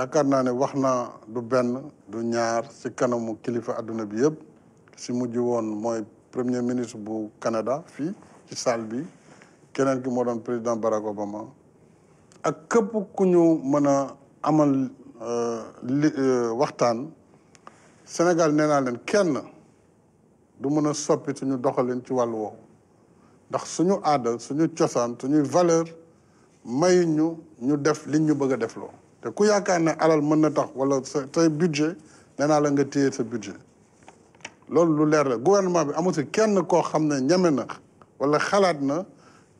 yaakaar naa ne wax naa du benn du ñaar ci kanamu kilifa àdduna bi yëpp ci mujj woon mooy premier ministre bu Canada fii ci salle bi keneen ki moo doon président Barack Obama ak képp ku ñu mën a amal euh, li euh, waxtaan Sénégal nee leen kenn du mën a soppi suñu doxalin ci wàllu woowu ndax suñu aada suñu cosaan suñuy valeur may ñu ñu def liñ ñu bëgg a defloo te ku yaakaar ne alal mën na tax wala sa tey budget nee naa la nga téye sa budget loolu lu leer la gouvernement bi amul si kenn koo xam ne ñeme na wala xalaat na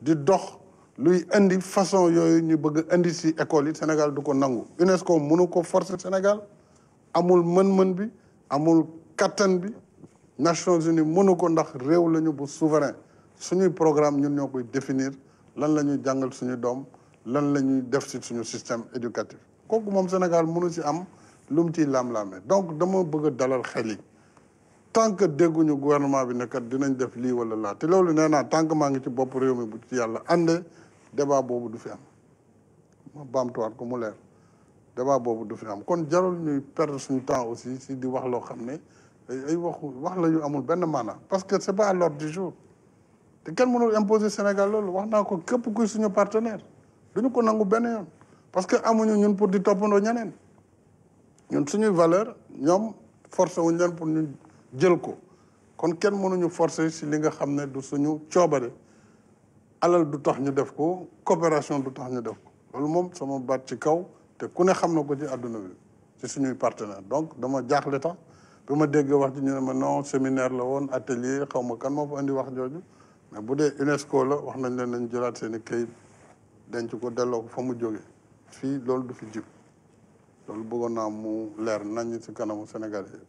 di dox luy indi façon yooyu ñu bëgg indi si école yi Sénégal du ko nangu UNESCO mënu ko forcer Sénégal amul mën-mën bi amul kattan bi Nations Unies mënu ko ndax réew lañu bu souverain suñuy programme ñun ñoo koy définir lan la ñuy jàngal suñu doom lan la def ci suñu système éducatif kooku moom Sénégal mënu ci am lum mu lam laam donc dama bëgg a dalal xel yi tant que dégguñu gouvernement bi ne kat dinañ def lii wala laa te loolu nee naa tant que maa ngi ci bopp réew mi bu ci yàlla àndee débat boobu du fi am ma baamtuwaat ko mu leer débat boobu du fi am kon jarul ñuy perdre suñu temps aussi si di wax loo xam ne ay waxu wax la yu amul benn maanaam parce que c'est pas à l'ordre du jour te kenn mënul imposer Sénégal loolu wax naa ko képp kuy suñu partenaire duñu ko nangu benn yoon parce que amuñu ñun pour di toppandoo ñeneen ñun suñuy valeur ñoom force wuñ leen pour ñu jël ko kon ken mënu ñu forcer ci li nga xamné du suñu coobare alal du tax ñu def ko coopération du tax ñu def ko loolu moom sama bat ci kaw té ku ne xamna na ko ci aduna bi ci suñu partenaire donc dama jaaxle tax bi ma dégg wax ji ñu ne ma non séminaire la won atelier xawma kan moo fa indi wax jooju mais bu dee UNESCO la wax nañ leen nañ jëlaat seen kayit denc ko delloo ko fa mu jóge fii loolu du fi jib loolu bëggoon naa mu leer nañ si kanamu Sénégal yi